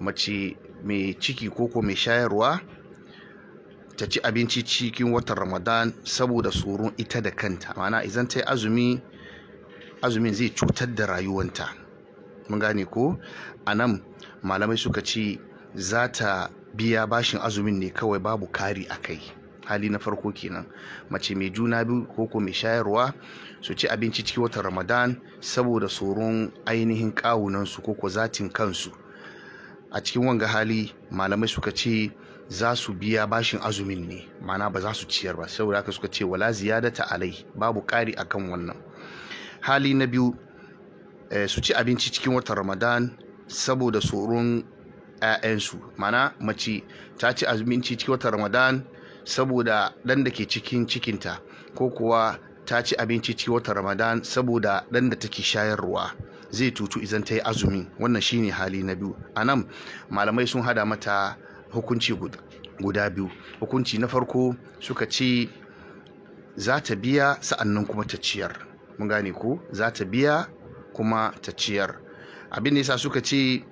mace mai ciki koko mai shayarwa ta ci abinci cikin watan ramadan saboda tsoron ita da kanta mana izan ta yi azumi azumin zai cutar da rayuwanta mun gane ko a nan malamai suka ce za ta biya bashin azumin ne kawai babu kari a kai hali na farko kenan mace mai juna biyu koko mai shayarwa su ci abinci cikin watan ramadan saboda tsoron ainihin kawunansu koko zatin kansu a cikin wanga hali malamai suka ce za su biya bashin azumin ne mana ba za su ciyar ba saboda haka suka ce wala ta alai babu ƙari akan wannan hali na biyu eh, su ci abinci cikin watan ramadan saboda tsoron 'ya'yansu mana mace ta ci abinci cikin watan ramadan saboda ɗan da ke cikin cikinta ko kuwa ta ci abinci cikin watan ramadan saboda ɗan da take shayarwa zai tutu idan ta yi azumi wannan shine hali na biyu a nan malamai sun hada mata hukunci guda biyu hukunci na farko suka ce za ta biya sa'annan kuma ta ciyar mun gane ko za ta biya kuma ta ciyar abin da yasa suka ce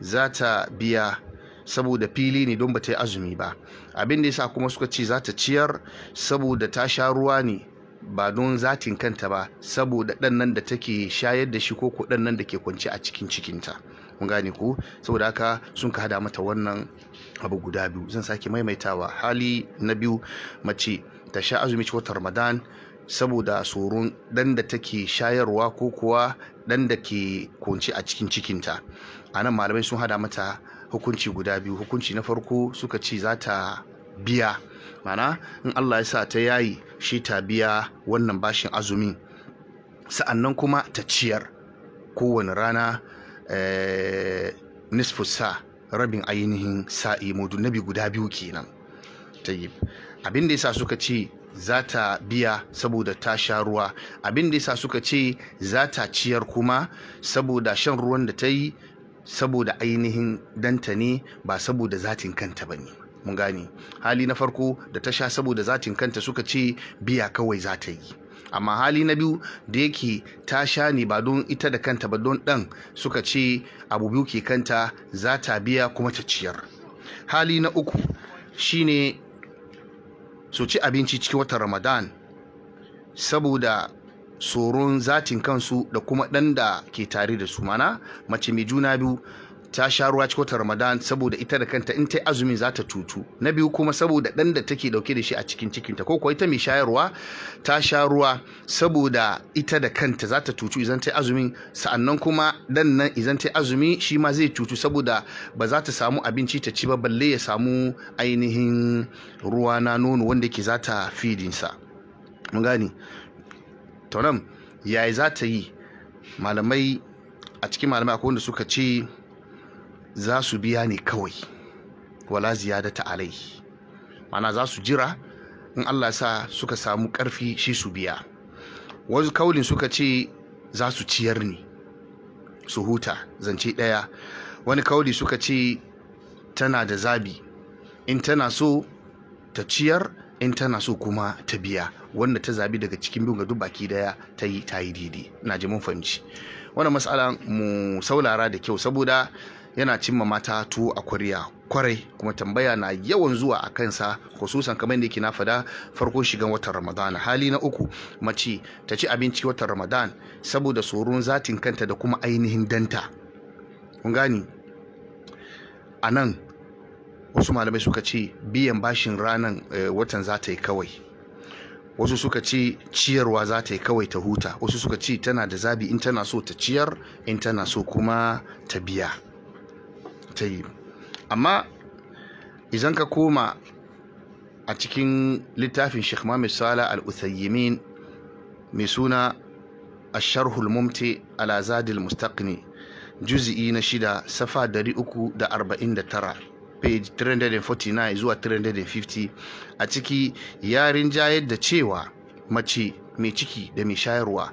za ta biya saboda fili ne don ba ta yi azumi ba abin da yasa kuma suka ce za ta ciyar saboda ta sha ruwa ne ba don zatin kanta ba saboda ɗan nan da take shayar da shi koko ɗan nan da ke kwance a cikin cikinta mun gane ku, saboda haka sun ka hada mata wannan abu guda biyu zan sake maimaitawa hali na biyu mace ta sha azumi ta ramadan saboda tsoron ɗan da take shayarwa ko kuwa ɗan da ke kwance a cikin cikinta a nan malamai sun hada mata hukunci guda biyu hukunci na farko suka ce za ta biya mana in Allah ya sa ta yayi shi ta biya wannan bashin azumi sa'annan kuma ta ciyar kowane rana eh, nisfu sa rabin ainihin sa'i nabi guda biyu kenan yi abin da ya sa suka ce za ta biya saboda ta sha ruwa abin da ya sa suka ce za ta ciyar kuma saboda shan ruwan da ta yi saboda ainihin danta ne ba saboda zatin kanta ba ne mun gane hali na farko da ta sha saboda zatin kanta suka ce biya kawai za ta yi amma hali na biyu da yake ta sha ne ba don ita da kanta ba don ɗan suka ce abu biyu ke kanta za ta biya kuma ta ciyar hali na uku shine su ci abinci cikin watan ramadan saboda tsoron zatin kansu da kuma ɗan da ke tare da su mana mace mai juna biyu ta sha ruwa cikin ta Ramadan saboda ita da kanta in ta yi azumi za ta tutu na biyu kuma saboda ɗan da take ɗauke da shi a cikin cikinta ko kuwa ita mai shayarwa ta sha ruwa saboda ita da kanta za ta tutu idan ta yi azumi sa'annan kuma ɗan nan idan ta yi azumi shi ma zai tutu saboda ba za ta samu abinci ta ci ba balle ya samu ainihin ruwa na nono wanda ke za ta fidinsa mun gani to yaya za ta yi malamai a cikin malamai akwai wanda suka ce za su biya ne kawai wala ziyadata alai mana za su jira in Allah sa suka samu karfi shi su biya wasu kaulin suka ce za su ciyar ne su huta zance ɗaya wani kauli suka ce tana da zabi in tana so ta ciyar in tana so kuma ta biya wanda ta zabi daga cikin biyu ga baki daya ta yi ta yi daidai na ji mun fahimci wannan matsala mu saulara da kyau saboda yana cimma mata tuwo a kwarya kwarai kuma tambaya na yawan zuwa a kansa khususan kamar da yake na fada farko shigan watan ramadan hali na uku mace ta ci abinci watan ramadan saboda tsoron zatin kanta da kuma ainihin danta kun gani a nan wasu malamai suka ce biyan bashin ranan eh, watan za ta yi kawai wasu suka ce ciyarwa za ta yi kawai ta huta wasu suka ce tana da zabi in tana so ta ciyar in tana so kuma ta biya yi amma idan ka koma a cikin littafin Sheikh Muhammad Salah Al-Uthaymin mai suna Asharhul sharhul mumti زاد المستقني جزئي نشيدا صفا دري uku da arba'in da tara page 349 zuwa 350 a ciki yarin jayar da cewa mace mai ciki da mai shayarwa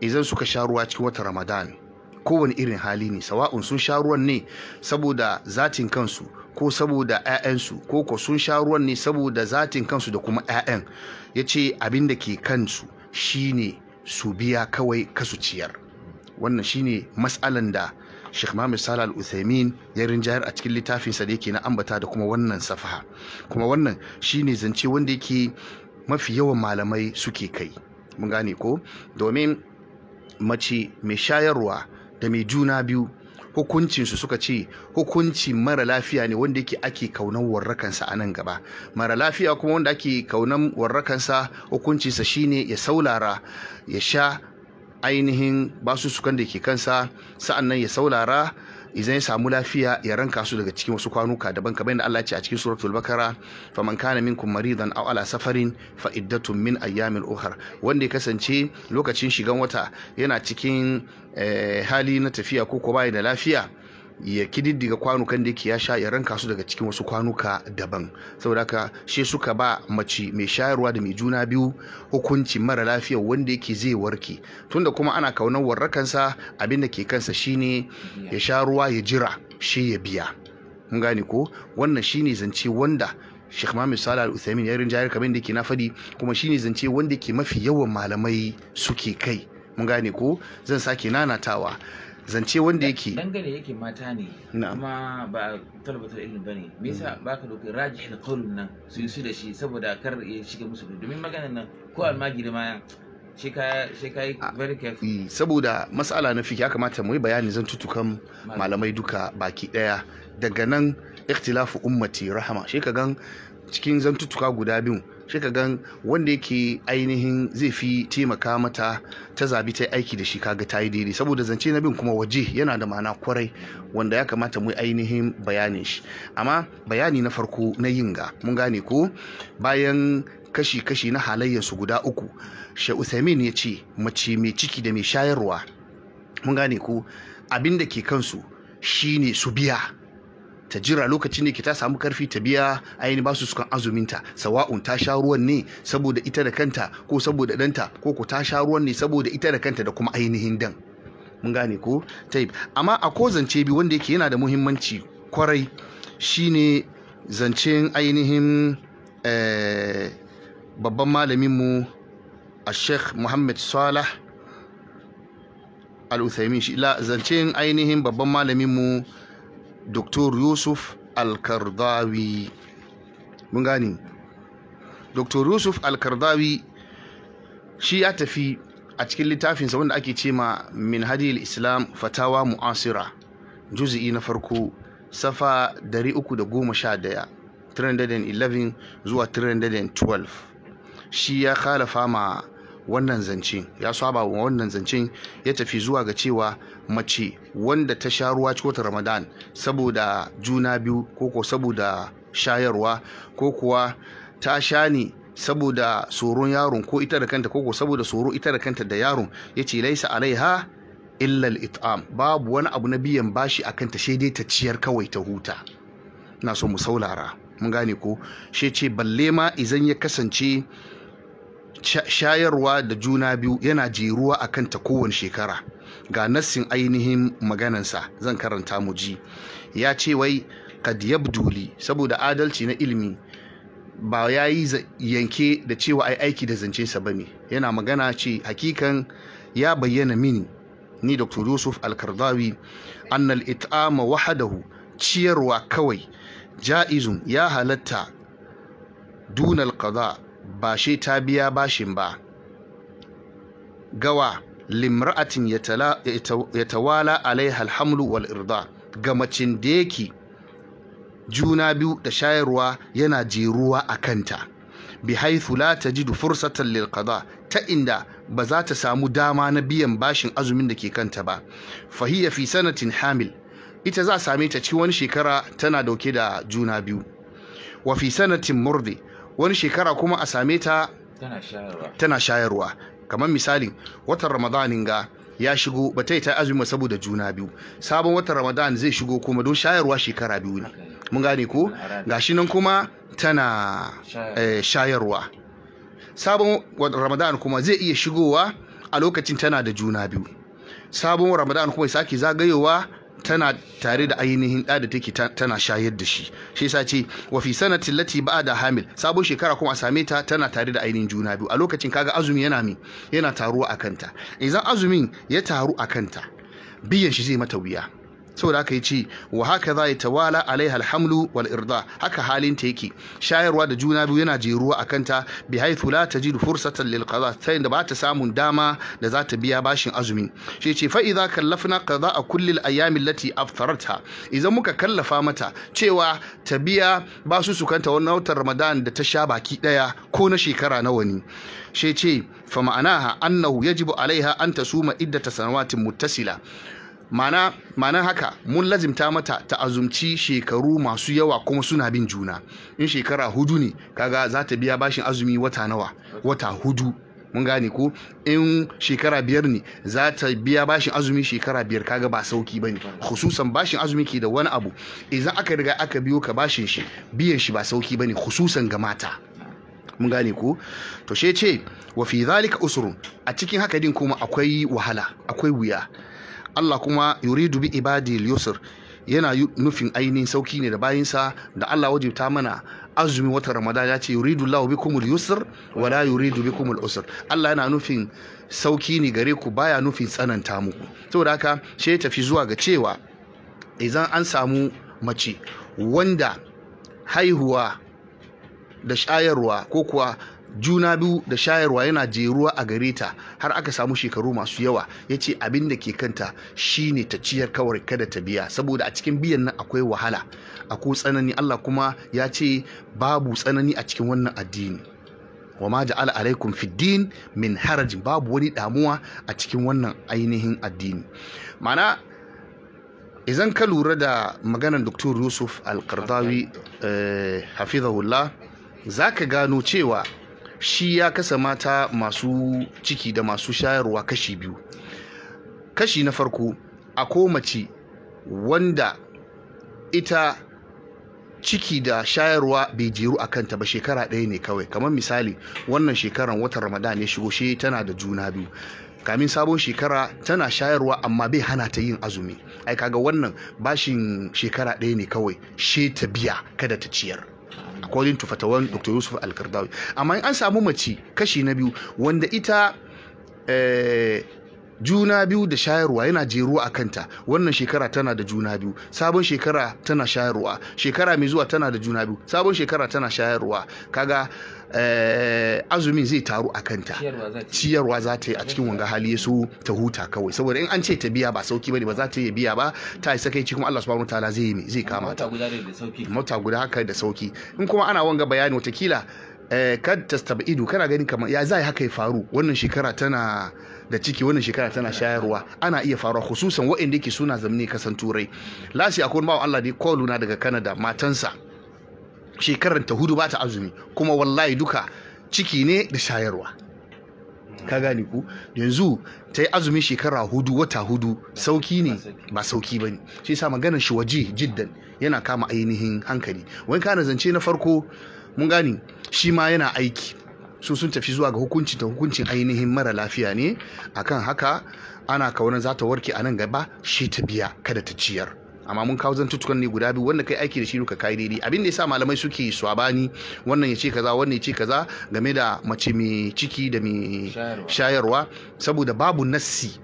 idan suka sha ruwa cikin wata ramadan kowane irin hali ne sawa'un sun sha ruwan ne saboda zatin kansu ko saboda 'ya'yansu ko ko sun sha ruwan ne saboda zatin kansu da kuma 'ya'yan ya ce abin da ke kansu shine su biya kawai kasu ciyar wannan shine matsalan da Sheikh Muhammad Salah Al-Uthaymin ya rinjayar a cikin littafinsa da yake na ambata da kuma wannan safaha kuma wannan shine zance wanda yake mafi yawan malamai suke kai mun gane ko domin mace mai shayarwa da mai juna biyu hukuncinsu suka ce hukunci mara lafiya ne wanda yake ake kaunan warrakansa a nan gaba mara lafiya kuma wanda ake kaunan warrakansa hukuncinsa shine ya saulara ya sha ainihin sukan da ke kansa sa'annan ya saulara izan ya samu lafiya ya ranka su daga cikin wasu kwanuka daban kamar yadda Allah ya ce a cikin suratul bakara fa man kana minkum maridan aw ala safarin fa iddatun min ayyamin ukhra wanda ya kasance lokacin shigan wata yana cikin eh, hali na tafiya ko ko bai da lafiya ya kididdiga kwanukan da yake ya sha ya ranka su daga cikin wasu kwanuka daban saboda haka shi suka ba mace mai shayarwa da mai juna biyu hukunci mara lafiya wanda yake zai warke tunda kuma ana kaunar warrakansa abinda ke kansa shine ya sha ruwa ya jira shi ya biya mun gane ko wannan shine zance wanda Sheikh Muhammad Salah Al-Uthaymin ya rinjayar kamar da ke na fadi kuma shine zance wanda ke mafi yawan malamai suke kai mun gane ko zan sake nanatawa zance wanda yake dangane yake mata ne kuma ba talabatul ilimin bane me yasa mm. baka doki rajih alqaul nan su su da shi saboda kar ya shiga musu domin magana nan ko mm. almagiri ma shi ka shi ka yi very careful mm, saboda mas'ala na fiki ya kamata mu yi bayani zan tutukan malamai duka baki daya daga nan ikhtilafu ummati rahama shi ka gan cikin zantutuka guda biyu shi ka gan wanda yake ainihin zai fi taimaka mata ta zabi ta aiki da shi kaga ta yi daidai saboda zance na bin kuma waje yana da ma'ana kwarai wanda ya kamata mu ainihin bayanin shi amma bayani na farko na yinga mun gane ko bayan kashi-kashi na halayyarsu guda uku shi Uthaymin ya ce mace mai ciki da mai shayarwa mun gane ko abin da ke kansu shine su biya ta jira lokacin ne ki ta samu karfi ta biya ainihin basu sukan azuminta sawa'un ta sha ruwan ne saboda ita da kanta ko saboda danta ko ko ta sha ruwan ne saboda ita da kanta da kuma ainihin dan mun gane ko amma a ko zance bi wanda yake yana da muhimmanci kwarai shine zancen ainihin eh, babban malamin mu a sheikh muhammad salah al-uthaymin shi zancen ainihin babban malamin mu. Dr. Yusuf Alkardawi, kardawi mun gani Dr. Yusuf al shi ya tafi a cikin littafinsa wanda ake ce ma hadil Islam Fatawa Mu'asira juzi'i na farko safa 311 311 zuwa 312 shi ya khalafa ma wannan zance ya saba wa wannan zancen ya tafi zuwa ga cewa mace wanda ta sha ruwa cikin ramadan saboda juna biyu ko ko saboda shayarwa ko kuwa ta sha ne saboda tsoron yaron ko ita da kanta ko ko saboda tsoro ita da kanta da yaron ya ce laisa alaiha illal it'am babu wani abu na biyan bashi a kanta sai dai ta ciyar kawai ta huta na so mu saulara mun gane ko shi ce balle ma izan ya kasance shayarwa da juna biyu yana jeruwa a kanta kowane shekara ga nassin ainihin maganansa zan karanta mu ji ya ce wai kad yabduli saboda adalci na ilimi ba ya yi yanke da cewa ai aiki da zancensa ba ne yana magana ce hakikan ya bayyana mini ni dr yusuf alkardawi annal it'ama wahadahu ciyarwa kawai ja'izun ya halatta dunal qada ba shi ta biya bashin ba gawa limra'atin ya tawala alaiha alhamlu wal irda ga macin da yake juna biyu da shayarwa yana jeruwa a kanta bi haithu la tajidu fursatan lil qada ta inda ba za ta samu dama na biyan bashin azumin da ke kanta ba fahiya fi sanatin hamil ita za same ta cikin wani shekara tana dauke da juna biyu wa fi sanatin murdi wani shekara kuma a same ta tana shayarwa kamar misalin, watan ramadanin ga ya shigo ba ta yi ta azumi saboda juna biyu sabon watan ramadan zai shigo kuma don shayarwa shekara biyu ne mun gane ko gashi nan kuma tana shayarwa eh, sabon ramadan kuma zai iya shigowa a lokacin tana da juna biyu sabon ramadan kuma ya sake zagayowa tana tare da ainihin ɗa da take tana shayar da shi shi yasa ce wa fi sanatin lati da hamil sabon shekara kuma a same ta tana tare da ainihin juna biyu a lokacin kaga azumi yana mi yana taruwa a kanta idan azumin ya taru a kanta biyan shi zai mata wuya saboda yi yace wa haka za tawala alaiha alhamlu wal irda haka halin ta yake shayarwa da juna biyu yana jeruwa akan ta bi haithu la tajidu fursatan lil qada sai da ba ta samun dama da za ta biya bashin azumi shi yace fa idza kallafna a kulli al ayyam allati aftarata idan muka kallafa mata cewa ta biya basu sukanta wannan watan ramadan da ta sha baki daya ko na shekara nawa ne shi yace fa ma'anaha annahu yajibu alaiha an tasuma iddata sanawatin muttasila mana haka mun lazimta mata ta azumci shekaru masu yawa kuma suna bin juna in shekara hudu ne kaga za ta biya bashin azumi wata nawa wata hudu mun gane ko in shekara biyar ne za ta biya bashin azumi shekara biyar kaga ba sauki bane khususan bashin azumi ke da wani abu idan aka riga aka biyo ka bashin shi biyan shi ba sauki bane khususan ga mata mun gane ko to she ce wa fi zalika usrun a cikin haka din kuma akwai wahala akwai wuya Allah kuma yuridu bi ibadi yusr yana nufin ainihin sauki ne da bayinsa da Allah wajibta mana azumi wata ramadan ya ce yuridu lahu bikumul yusr wa la yuridu bikumul usr Allah yana nufin sauki ne gare ku baya nufin tsananta muku saboda haka sai tafi zuwa ga cewa idan an samu mace wanda haihuwa da shayarwa ko kuwa juna biyu da shayarwa yana jeruwa a gare ta har aka samu shekaru masu yawa ya ce abin da ke kanta shine ta ciyar kawai kada ta biya saboda a cikin biyan nan akwai wahala akwai tsanani Allah kuma ya ce babu tsanani a cikin wannan addini wa ma ja'ala alaikum fiddin min harajin babu wani damuwa a cikin wannan ainihin addini ma'ana idan ka lura da maganar Dr. Yusuf Al-Qardawi eh, hafizahullah za ka gano cewa shi ya kasa mata masu ciki da masu shayarwa kashi biyu kashi na farko a mace wanda ita ciki da shayarwa bai jeru a kanta ba shekara ɗaya ne kawai kamar misali wannan shekaran watan ramadan ya shigo shi tana da juna biyu kamin sabon shekara tana shayarwa amma bai hana ta yin azumi ai kaga wannan bashin shekara ɗaya ne kawai she ta biya kada ta ciyar according to fatawan dr yusuf alkardawi amma an samu mace kashi na biyu wanda ita eh, juna biyu da shayarwa yana jeru a kanta wannan shekara tana da juna biyu sabon shekara tana shayarwa shekara mai zuwa tana da juna biyu sabon shekara tana shayarwa kaga Eh, azumin zai taru a kanta ciyarwa za ta yi a cikin wanga hali ya su ta huta kawai saboda in an ce ta biya ba sauki bane ba za ta iya biya ba ta yi sakaici kuma Allah subhanahu wataala zai yi zai kama ta mota guda haka da sauki in kuma ana wanga bayani watakila eh, kad tastaba ido kana gani kamar ya zai haka ya faru wannan shekara tana da ciki wannan shekara tana shayarwa ana iya faruwa khususan waɗanda yake suna zamne kasan turai lasi akwai bawan Allah da ya na daga Canada matansa shekarar ta hudu ba ta azumi kuma wallahi duka ciki ne da shayarwa ka gane ku yanzu ta yi azumin shekara hudu wata hudu sauki ne ba sauki ba ne shi sa maganar shi waje jiddan yana kama ainihin hankali wani kana zance na farko mun gane shi ma yana aiki su sun tafi zuwa ga hukunci ta hukuncin ainihin mara lafiya ne akan haka ana kaunar za ta warke a nan gaba shi ta biya kada ta ciyar amma mun kawo kan ne guda biyu wanda kai aiki da shi ka kai daidai abin da yasa malamai suke swabani wannan ya ce kaza wannan ya ce kaza game da mace mai ciki da mai shayarwa saboda babu nassi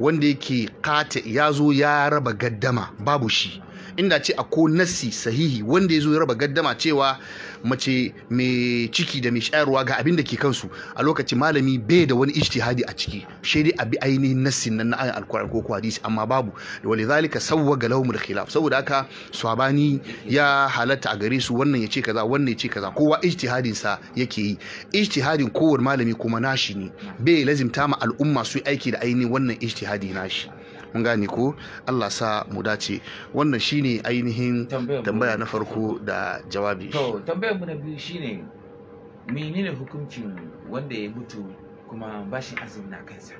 wanda yake kata ya zo ya raba gaddama babu shi inda ce a ko nasi sahihi wanda ya zo raba gaddama cewa mace mai ciki da mai shayarwa ga abin da ke kansu a lokacin malami bai da wani ijtihadi a ciki shi dai abi ainihin nassin nan na ayan alkur'an ko hadisi amma babu da wali zalika sawwa ga lahumul khilaf saboda haka swabani ya halatta a gare su wannan ya ce kaza wannan ya ce kaza kowa ijtihadin sa yake yi ijtihadin kowar malami kuma nashi ne bai lazimta ma al'umma su aiki da ainihin wannan ijtihadi nashi mun gane ko Allah sa mu dace wannan shine ainihin tambaya na farko da jawabi to tambayar mu na biyu shine menene hukuncin wanda ya mutu kuma bashi azumi na kansa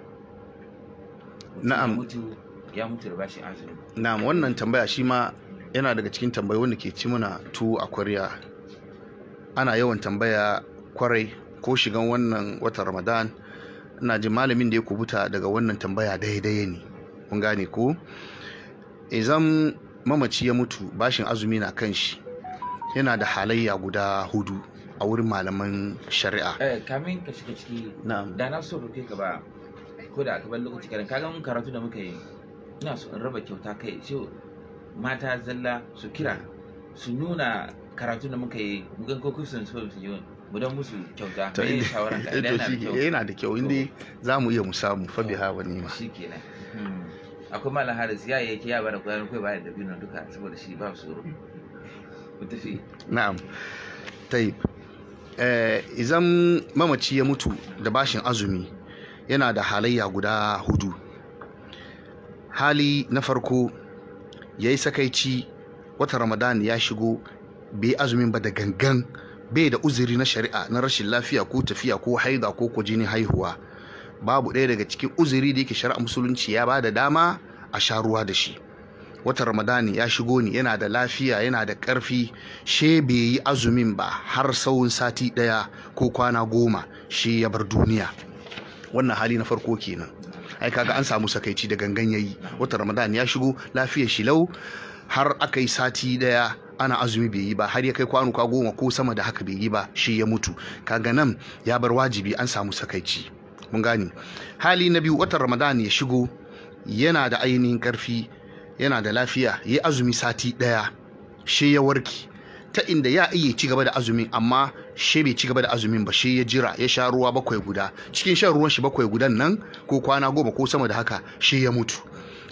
na'am mutu ya mutu da bashi azumi na'am wannan tambaya shi ma yana daga cikin tambayoyi wanda ke ci muna tu a kwarya ana yawan tambaya kwarai ko shigan wannan watan ramadan ina jin malamin da ya kubuta daga wannan tambaya daidai ne kun gane ko idan mamaci ya mutu bashin azumi na kan shi yana da halayya guda hudu a wurin malaman shari'a eh, kamin ka shiga ciki da na so roke ka ba ko da aka bar lokaci kadan kaga mun karatu da muka yi ina so in raba kyauta kai ce mata zalla su kira su nuna karatu da muka yi mugan ko kusan so su yi gudan musu kyauta me eh, shawara ka eh, yana da kyau yana da kyau inda za mu iya mu samu fa biha wa nima shikenan hmm. akwai malam haris ya yake ya bada kwayar kwai bayan dabino duka saboda shi ba tsoro ku tafi na'am eh mamaci ya mutu da bashin azumi yana da halayya guda hudu hali na farko ya yi sakaici wata ramadan ya shigo bai azumin ba da gangan bai da uzuri na shari'a na rashin lafiya ko tafiya ko haida ko kujini haihuwa babu ɗaya daga cikin uzuri da yake shari'a musulunci ya ba da dama a sha ruwa da shi watan ramadani ya shigo ni yana da lafiya yana da ƙarfi she bai yi azumin ba har tsawon sati ɗaya ko kwana goma shi ya bar duniya wannan hali na farko kenan ai kaga an samu sakaici da gangan yayi watan ramadani ya shigo lafiyar shi lau har aka yi sati ɗaya ana azumi bai yi ba har ya kai kwanuka goma ko sama da haka bai yi ba shi ya mutu kaga nan ya bar wajibi an samu sakaici mun gane hali na biyu watan ramadan ya shigo yana da ainihin karfi yana da lafiya ya azumi sati daya shi ya warki ta inda ya iya ci gaba da azumin amma shi bai ci gaba da azumin ba shi ya jira ya sha ruwa bakwai guda cikin shan ruwan shi bakwai gudan nan ko kwana goma ko sama da haka shi ya mutu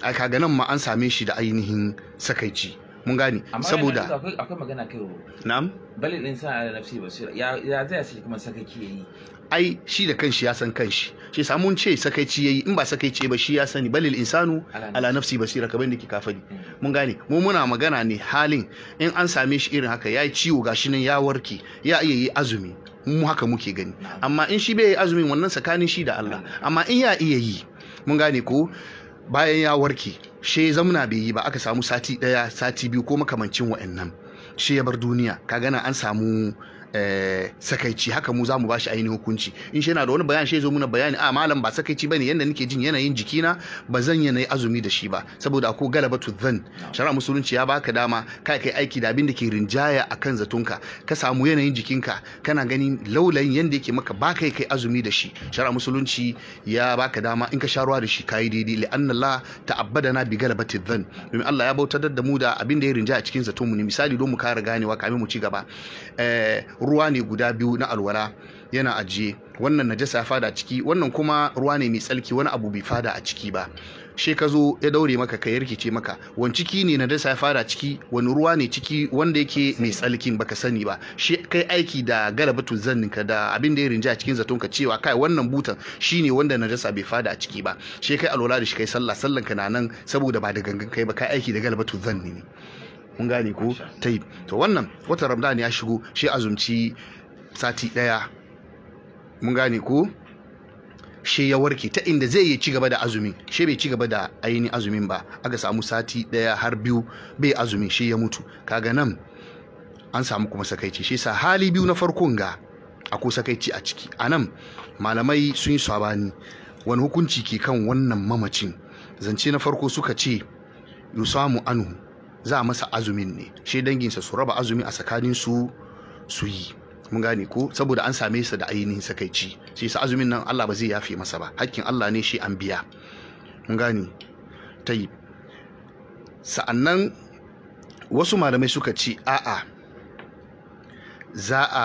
a kaga nan ma an same shi da ainihin sakaici mun gane saboda akwai magana kai na'am balin din sa nafsi basira ya zai sai kuma sakaki yayi ai shi da kanshi ya san kanshi shi samu ce sakaici yayi in ba sakaici ba shi ya sani balil insanu ala nafsi basira kaban da ke kafani hmm. mun gane mu muna magana ne halin in an same shi irin haka ya ciwo ga gashi nan ya warke ya iya yi azumi mu haka muke gani hmm. amma in shi bai yi azumin wannan tsakanin shi da Allah hmm. amma in ya iya yi mun gane ko bayan ya warke she zamuna bai yi ba aka samu sati daya sati biyu ko makamancin wa'annan shi ya bar duniya ka gana an samu Eh, sakaici haka mu za mu bashi ainihin hukunci in shi yana da wani bayani shi zo muna bayani a ah, malam ba sakaici bane yanda nake jin yanayin jikina ba zan yanayi azumi da shi ba saboda ko galabatu zan shari'a musulunci ya baka dama kai kai aiki da abin da ke rinjaya akan zatunka ka samu yanayin jikinka kana ganin laulayin yadda yake maka ba kai kai azumi da shi shari'a musulunci ya baka dama in ka sha ruwa da shi kai daidai li anna Allah ta'abbadana bi galabati zan domin Allah ya bautar da mu da abin da ya rinjaya cikin zatunmu ne misali don mu kara ganewa kamin mu ci gaba Eh, ruwa ne guda biyu na alwala yana ajiye wannan najasa ya fada a ciki wannan kuma ruwa ne mai tsalki wani abu bai fada a ciki ba she ka zo ya daure maka ka yarkice maka wani ciki ne najasa ya fada ciki wani ruwa ne ciki wanda yake mai tsalkin baka sani ba shi kai aiki da galabatu zanninka da abin da ya rinja a cikin zatonka cewa kai wannan butan shi ne wanda na najasa bai fada a ciki ba she kai alwala da shi kai sallah sallanka na nan saboda ba da gangan kai ba kai aiki da galabatu zanni ne kun gane ko ta yi. to wannan watan ramadan ya shigo shi azumci sati daya mun gane ko shi ya warke ta inda zai yi ci gaba da azumi shi bai ci gaba da ainihin azumin ba aka samu sati daya har biyu bai azumi shi ya mutu kaga nan an samu kuma sakaici shi sa hali biyu na farkon ga ako sakaici a ciki a nan malamai sun yi sabani wani hukunci ke kan wannan mamacin zance na farko suka ce yusamu anhu za a masa azumin ne shi danginsa su raba azumi a tsakanin su su yi mun gane ko saboda an same sa da ainihin sakaici shi sa azumin nan Allah ba zai yafe masa ba hakkin Allah ne shi an biya mun gane tayi sa'annan wasu malamai suka ce a'a za a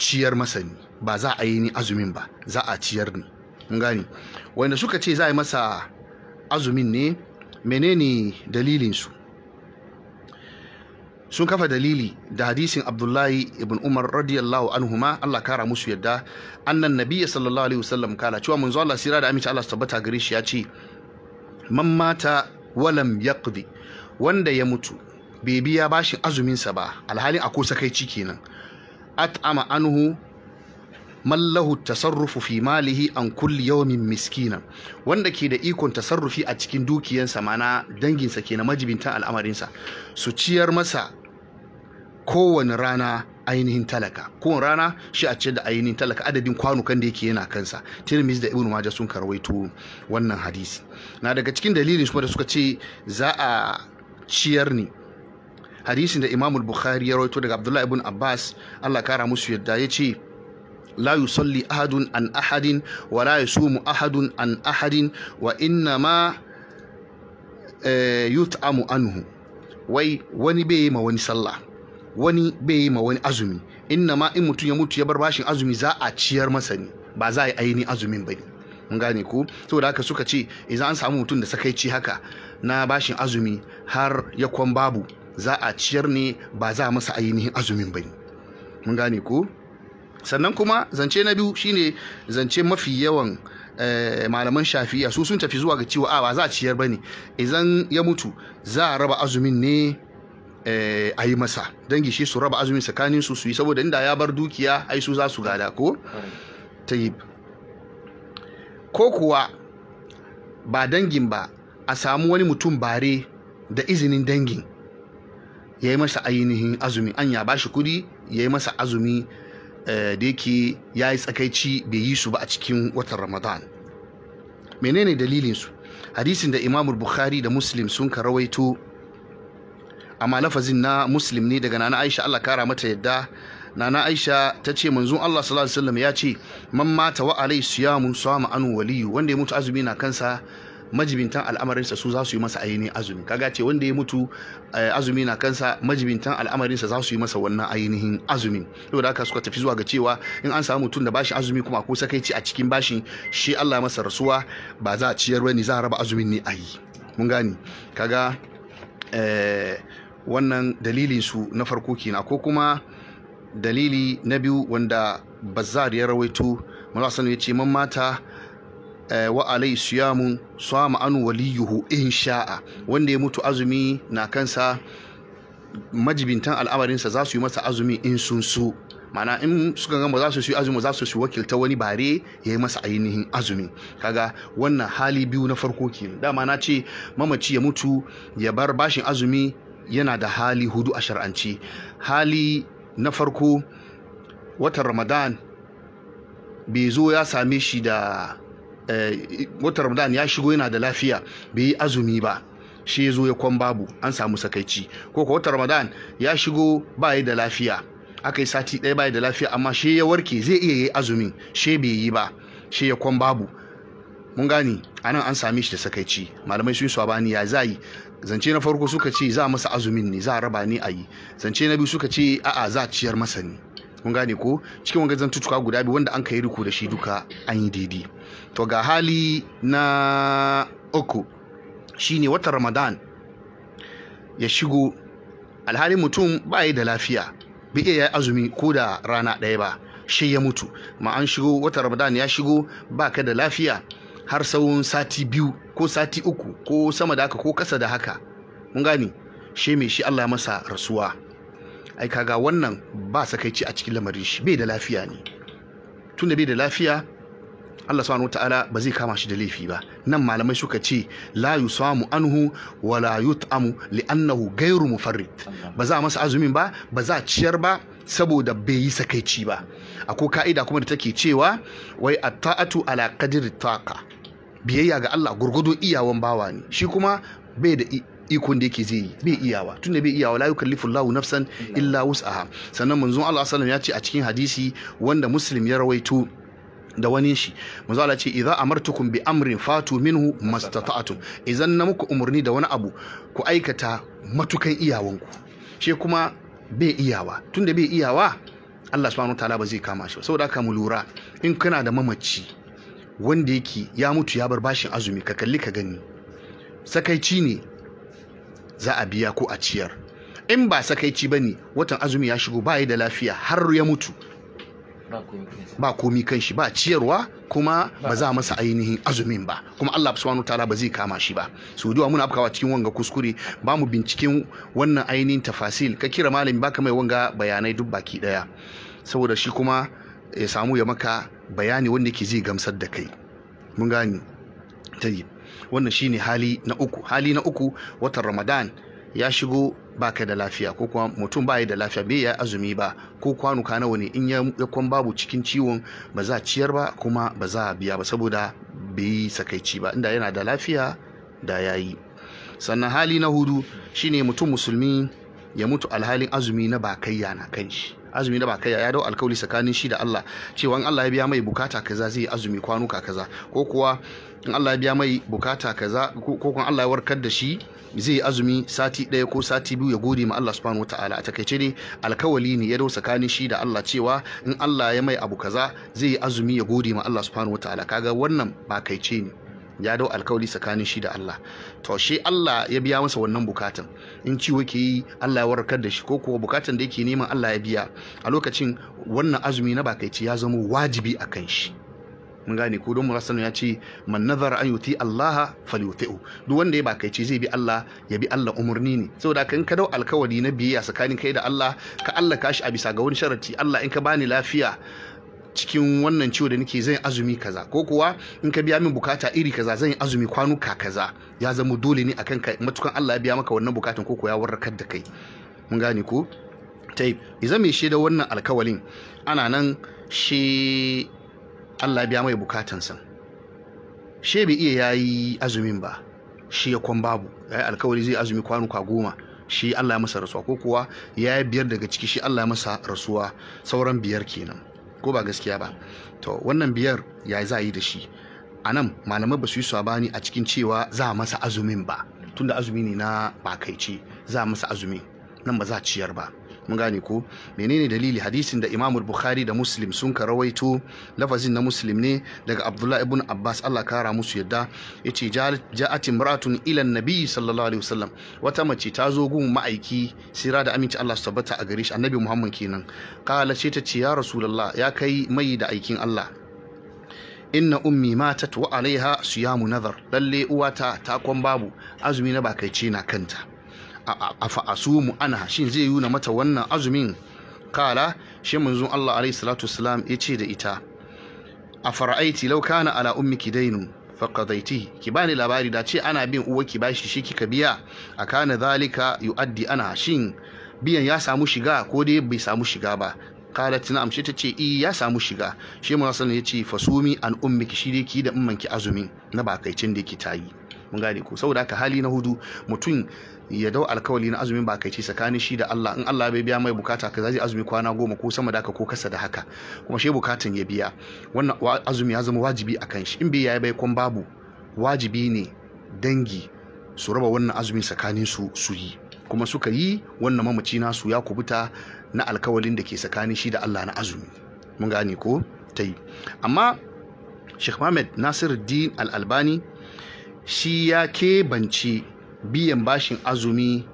ciyar masa ne ba za a yi ni azumin ba za a ciyar ne mun gane wanda suka ce za a yi masa azumin ne menene dalilin su sun kafa dalili da hadisin abdullahi ibn umar radiyallahu anhuma Allah kara musu yadda annan nabiyya sallallahu alaihi wasallam kala cewa manzo Allah sira da aminci Allah tabbata gare shi ya ce man mata walam yaqdi wanda ya mutu bai biya bashin azumin sa ba alhalin ako sakaici kenan at'ama anhu mallahu tasarrufu fi malihi an kulli yawmin miskina wanda ke da ikon tasarrufi a cikin dukiyansa mana danginsa ke na majibintan al'amarinsa su ciyar masa kowane rana ainihin talaka kowane rana shi a ce da ainihin talaka adadin kwanukan da yake yana kansa tirmis da ibn maja sun karwaito wannan hadisi na daga cikin dalilin kuma da suka ce za a ciyar ni hadisin da imamul bukhari ya rawaito daga abdullahi ibn abbas allah kara musu yadda ya ce لا يصلي أحد عن أحد ولا يصوم أحد عن أحد وإنما يطعم عنه وي وني بي ma wani sallah. wani bai yi ma wani azumi inna ma in mutum ya mutu ya bar bashin azumi za a ciyar masa ne ba za a yi ainihin azumin ba ne mun gane ko saboda haka suka ce idan an samu mutum da sakaici haka na bashin azumi har ya kwan babu za a ciyar ne ba za a masa ainihin azumin ba ne mun gane ko sannan kuma zance na biyu shine zance mafi yawan eh, malaman shafi'a su sun tafi zuwa ga cewa a ba za a ciyar ba ne idan ya mutu za a raba azumin ne Eh, a yi masa dangi shi su raba azumin tsakanin su su yi saboda inda ya bar dukiya ai su za su gada ko yi ko kuwa ba dangin ba a samu wani mutum bare da izinin dangin ya yi masa ainihin azumi an ya bashi kudi ya yi masa azumi eh, da yake ya yi tsakaici bai yi su ba a cikin watan ramadan menene dalilinsu hadisin da imamul bukhari da muslim sun ka rawaito amma lafazin na muslim ne daga nana aisha allah kara mata yadda nana aisha ta ce manzon allah sallallahu alaihi wasallam ya ce man mata wa alai siyamun anu waliyu wanda ya mutu azumi na kansa majibintan al'amarinsa su za su yi masa ainihin azumi kaga ce wanda ya mutu eh, azumi na kansa majibintan al'amarinsa za su yi masa wannan ainihin azumi saboda haka suka tafi zuwa ga cewa in an samu mutum da bashi azumi kuma ko sakaici a cikin bashin shi Allah masa rasuwa ba za a ciyar bane za a raba azumin ne a mun gane kaga eh, wannan dalilinsu na farko kina ko kuma dalili na biyu wanda bazar ya rawaito malasan ya ce man mata eh, wa alai siyamun sama anu waliyuhu in sha'a wanda ya mutu azumi na kansa majibintan al'amarinsa za su yi masa azumi in sun su mana in suka gama za su yi azumi za su yi wakilta wani bare ya yi masa ainihin azumi kaga wannan hali biyu na farko ke dama na ce mamaci ya mutu ya bar bashin azumi yana da hali hudu a shar'anci hali na farko watan ramadan bai zo ya same shi da eh, watan ramadan ya shigo yana da lafiya bai yi azumi ba shi ya zo ya kwan babu an samu sakaici ko ko watan ramadan ya shigo ba yi da lafiya aka yi sati ɗaya ba yi da lafiya amma shi ya warke zai iya yi azumin shi bai yi ba shi ya kwan babu mun gani anan an same shi da sakaici malamai sun yi sabani ya za yi zance na farko suka ce za masa azumin ne za a raba ni a yi zance na biyu suka ce a'a za a ciyar masa ne kun gane ko cikin wanga zantutuka guda biyu wanda an kai riko da shi duka an yi daidai to ga hali na uku shine watan ramadan ya shigo alhali mutum ba yi da lafiya bai iya azumi ko da rana ɗaya ba shi ya mutu ma an shigo watan ramadan ya shigo ba ka da lafiya har tsawon sati biyu ko sati uku ko sama da haka ko kasa da haka mun gane she mai shi Allah masa rasuwa ai kaga wannan ba sakaici a cikin lamarin shi bai da lafiya ne tunda bai da lafiya Allah subhanahu ta'ala ba zai kama shi da laifi ba nan malamai suka ce la yusamu anhu wa la yut'amu li'annahu ghayru mufarrid ba za a masa azumin ba ba za ciyar ba saboda bai yi sakaici ba akwai ka'ida kuma da take cewa wai ta'atu ala qadri taqa biyayya ga Allah gurgudo iyawan bawa ne shi kuma bai da ikon da yake zai yi bai iyawa tunda bai iyawa la yukallifu Allahu nafsan illa wus'aha sannan manzon Allah sallallahu ya ce a cikin hadisi wanda muslim ya rawaito da wani shi manzo Allah ce idza amartukum bi amrin fatu minhu mastata'tum idan na muku umurni da wani abu ku aikata matukan iyawanku shi kuma bai iyawa tunda bai iyawa Allah subhanahu wataala ba zai kama shi saboda haka mu lura in kana da mamaci wanda yake ya mutu ya bar bashin azumi ka kalli ka gani sakaici ne za a biya ko a ciyar in ba sakaici ba ne watan azumi ya shigo ba da lafiya har ya mutu ba komi kan shi ba ciyarwa kuma ba za masa ainihin azumin ba kuma Allah subhanahu ta'ala ba zai kama shi ba su duwa muna afkawa cikin wanga kuskure ba mu binciken wannan ainihin tafasil ka kira malami baka mai wanga bayanai duk baki daya saboda shi kuma ya samu ya maka bayani wanda ke zai gamsar da kai mun gani tayi wannan shine hali na uku hali na uku watan ramadan ya shigo baka da lafiya ko kuma mutum ba da lafiya bai ya azumi ba ko kwanuka nawa ne in ya kwan babu cikin ciwon ba za ciyar ba kuma ba za biya ba saboda bai sakaici ba inda yana da lafiya da yayi sannan hali na hudu shine mutum musulmi ya mutu alhalin azumi na bakayya na kan shi azumi da ba kai ya dau alkawali tsakanin shi da Allah cewa in Allah ya biya mai bukata kaza zai azumi kwanuka kaza ko kuwa in Allah ya biya mai bukata kaza ko kuma Allah ya warkar da shi zai azumi sati ɗaya ko sati biyu ya gode ma Allah subhanahu wataala a takaice ne alkawali ne ya dau tsakanin shi da Allah cewa in Allah ya mai abu kaza zai azumi ya gode ma Allah subhanahu wataala kaga wannan ba kaice ne ya dau alkawari tsakanin shi da Allah to shi Allah ya biya masa wannan bukatan in ciwo ke yi Allah ya warkar da shi ko kuwa bukatan da yake neman Allah ya biya a lokacin wannan azumi na bakaici ya zama wajibi a kan shi mun gane ko don murasanu ya ce man nazara an yuti Allah falyuti'u duk wanda ya bakaici zai bi Allah ya bi Allah umurni ne saboda kan ka dau alkawari na biyayya tsakanin kai da Allah ka Allah ka shi a bisa ga wani sharati Allah in ka bani lafiya cikin wannan ciwo da nake zan azumi kaza ko kuwa in ka biya min bukata iri kaza zan yi azumi kwanuka kaza ya zama dole ne akan ka matukan Allah ya biya maka wannan bukatan ko ya warkar da kai mun gane ko tayi idan mai shi da wannan alkawalin ana nan shi Allah ya biya mai san shi bai iya yayi azumin ba shi ya kwan babu yayi alkawari zai azumi kwanuka goma shi Allah ya masa rasuwa ko kuwa ya biyar daga ciki shi Allah ya masa rasuwa sauran biyar kenan ko ba gaskiya ba to wannan biyar ya za yi da shi a nan malamai ba su yi sabani a cikin cewa za a masa azumin ba tunda azumi ne na bakaici za a masa azumi nan ba za a ciyar ba mun gane ko menene dalili hadisin da Imam Bukhari da Muslim sun ka rawaito lafazin na Muslim ne daga Abdullah ibn Abbas Allah kara musu yadda yace ja'at imratun ila nabi sallallahu alaihi wasallam wata mace ta zo gun ma'aiki sira da aminci Allah su tabbata a gare shi annabi Muhammad kenan kala ce ta ce ya rasulullah ya kai mai da aikin Allah inna ummi matat wa alaiha siyamu nazar lalle uwata ta kwan babu azumi na bakaice na kanta a mu ana shin zai na mata wannan azumin kala shi manzon Allah alaihi salatu wasalam ya ce da ita a fara'aiti lau kana ala ki dainu faqadaiti ki bani labari da ce ana bin ki bashi shi kika biya a kana zalika yu'addi ana shin biyan ya samu shiga ko dai bai samu shiga ba qalat na ta tace i e, ya samu shiga shi mun sanin yace fasumi an ki shi dai ki da ki azumi na bakaicin da ta tayi mun gane ko saboda haka hali na hudu mutum ya dau alkawali na azumin ba kai tsakanin shi da Allah in Allah bai biya mai bukata ka zai azumi kwana goma ko sama da haka ko kasa da haka kuma shi bukatan ya biya wannan azumi ya zama wajibi a kan shi in bai ya bai kun babu wajibi ne dangi su raba wannan azumi tsakanin su su yi kuma suka yi wannan mamaci nasu ya kubuta na alkawalin da ke tsakanin shi da Allah na azumi mun gane ko ta yi amma Sheikh Mohammed nasiruddin Al-Albani shi ya kebance. biyan bashin azumi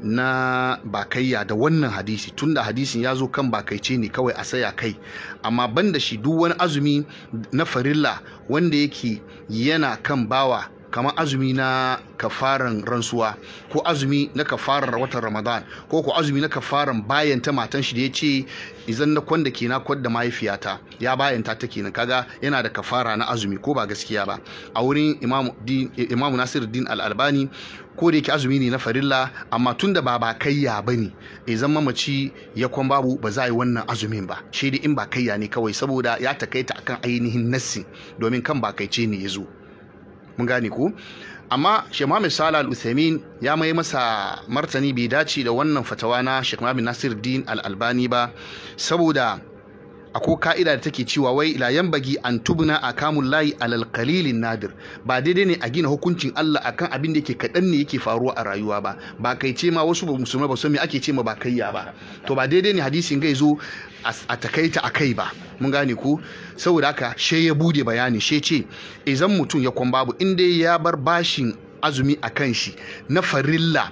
na bakayya da wannan hadisi tunda hadisin ya zo kan bakaice ne kawai a saya kai amma banda shi duk wani azumi na farilla wanda yake yana kan bawa kamar azumi na kafaran ransuwa ko azumi na kafaran watan ramadan ko ko azumi na kafaran bayan ta matan shi da ya ce izan na kwanda ke na kwanda mahaifiyata ya bayan ta ta kenan kaga yana da kafara na azumi ko ba gaskiya ba a wurin imamu nasir din al-albani ko da yake azumi ne na farilla amma tun da ba ba kayya ba ne izan mamaci ya kwan babu ba za a yi wannan azumin ba shi in ba kayya ne kawai saboda ya takaita akan ainihin nassi domin kan ba kai ce ne ya zo mun gane ko amma Sheikh Muhammad Salah Al-Uthaymeen ya mai masa martani bai dace da wannan fatawa na Sheikh Muhammad Din Al-Albani ba saboda ko ka'ida da take cewa wai la bagi an tubna kamun layi alal qalilin nadir ba daidai ne a gina hukuncin Allah akan abin da yake kaɗan ne yake faruwa a rayuwa ba ba kai ce ma wasu musulmai ba su me ake ce ma ba kayya ba to ba daidai ne hadisin gai zo a takaita a kai ba mun gane ko saboda haka she ya bude bayani she ce idan mutum ya kwan babu in dai ya bar bashin azumi a kan shi na farilla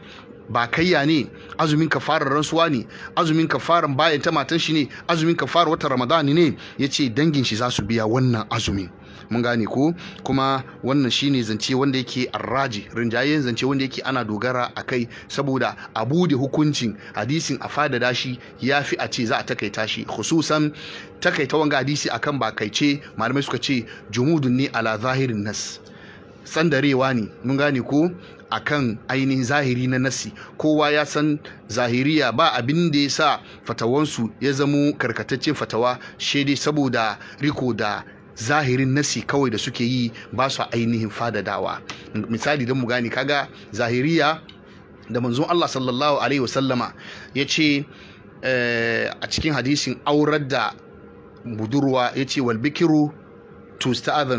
ba kayya ne azumin kafarar ransuwa ne azumin kafarar bayan ta matan shi ne azumin kafarar watan ramadani ne ya ce dangin shi za su biya wannan azumin mun gane ko kuma wannan shine zance wanda yake arraji rinjayen zance wanda yake ana dogara a kai saboda a bude hukuncin hadisin a fadada shi ya fi a ce za a takaita shi khususan takaita wanga hadisi akan ba ce malamai suka ce jumudun ne ala zahirin nas tsandarewa ne mun gane ko a kan ainihin zahiri na nasi kowa ya san zahiriya ba abin da ya sa fatawansu ya zamo karkataccen fatawa dai saboda riko da zahirin nasi kawai da suke yi ba su ainihin fadadawa misali don mu gane kaga zahiriya da manzon Allah sallallahu alaihi wasallama ya ce eh, a cikin hadisin aurar da budurwa ya ce walbikiru to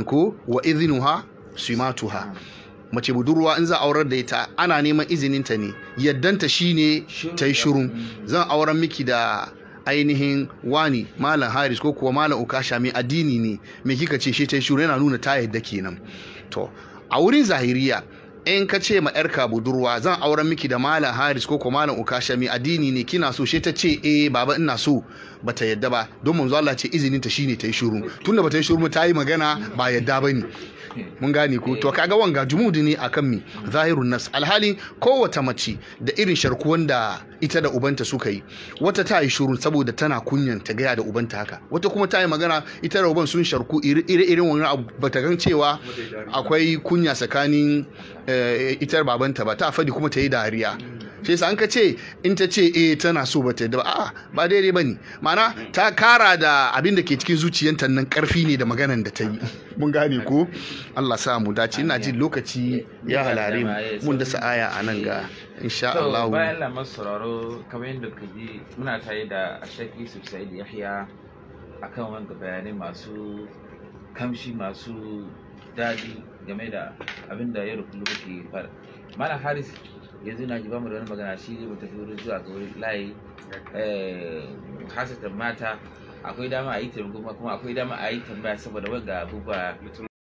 ko wa idhinuha simatuha mace budurwa in za aurar da ita ana neman izinin ta ne yaddanta shine ta yi shirin zan auren miki da ainihin wani malam haris ko kuwa malam ukasha mai addini ne me kika ce shi ta yi shirin yana nuna ta yadda kenan to a wurin zahiriya in ka ce ma yarka budurwa zan auren miki da malam haris ko kuwa malam ukasha mai addini ne kina so shi ta ce eh baba ina so bata yadda ba don manzo Allah ce izinin ta shine ta yi shuru tunda bata yi shuru ta yi magana ba yadda bane mun gane ko to kaga wanga jumudi ne akan mi zahirun nas alhali kowace mace da irin sharku wanda ita da ubanta suka yi wata ta yi shuru saboda tana kunyan ta gaya da ubanta haka wata kuma ta yi magana ita da uban sun sharku ire irin wani abu bata gan cewa akwai kunya tsakanin eh, itar babanta ba ta fadi kuma ta yi dariya shi yasa an ka ce in ta ce eh tana so ba ta yadda ba a'a ba daidai bane ma'ana ta kara da abin da ke cikin zuciyanta nan karfi ne da maganan da ta yi mun gane ko Allah sa mu dace ina jin lokaci ya halare mu mun da sa'aya a nan ga insha Allah bayan lamar sauraro kamar yadda ka ji muna tare da Sheikh Yusuf Said Yahya akan wanga bayanai masu kamshi masu daɗi game da abin da ya da ke mana haris yanzu na ji bamu da wani magana shi ne mu tafi wurin zuwa ga wurin layi eh, hasatan mata akwai dama a yi tambaya kuma akwai dama a yi tambaya saboda wanga abubuwa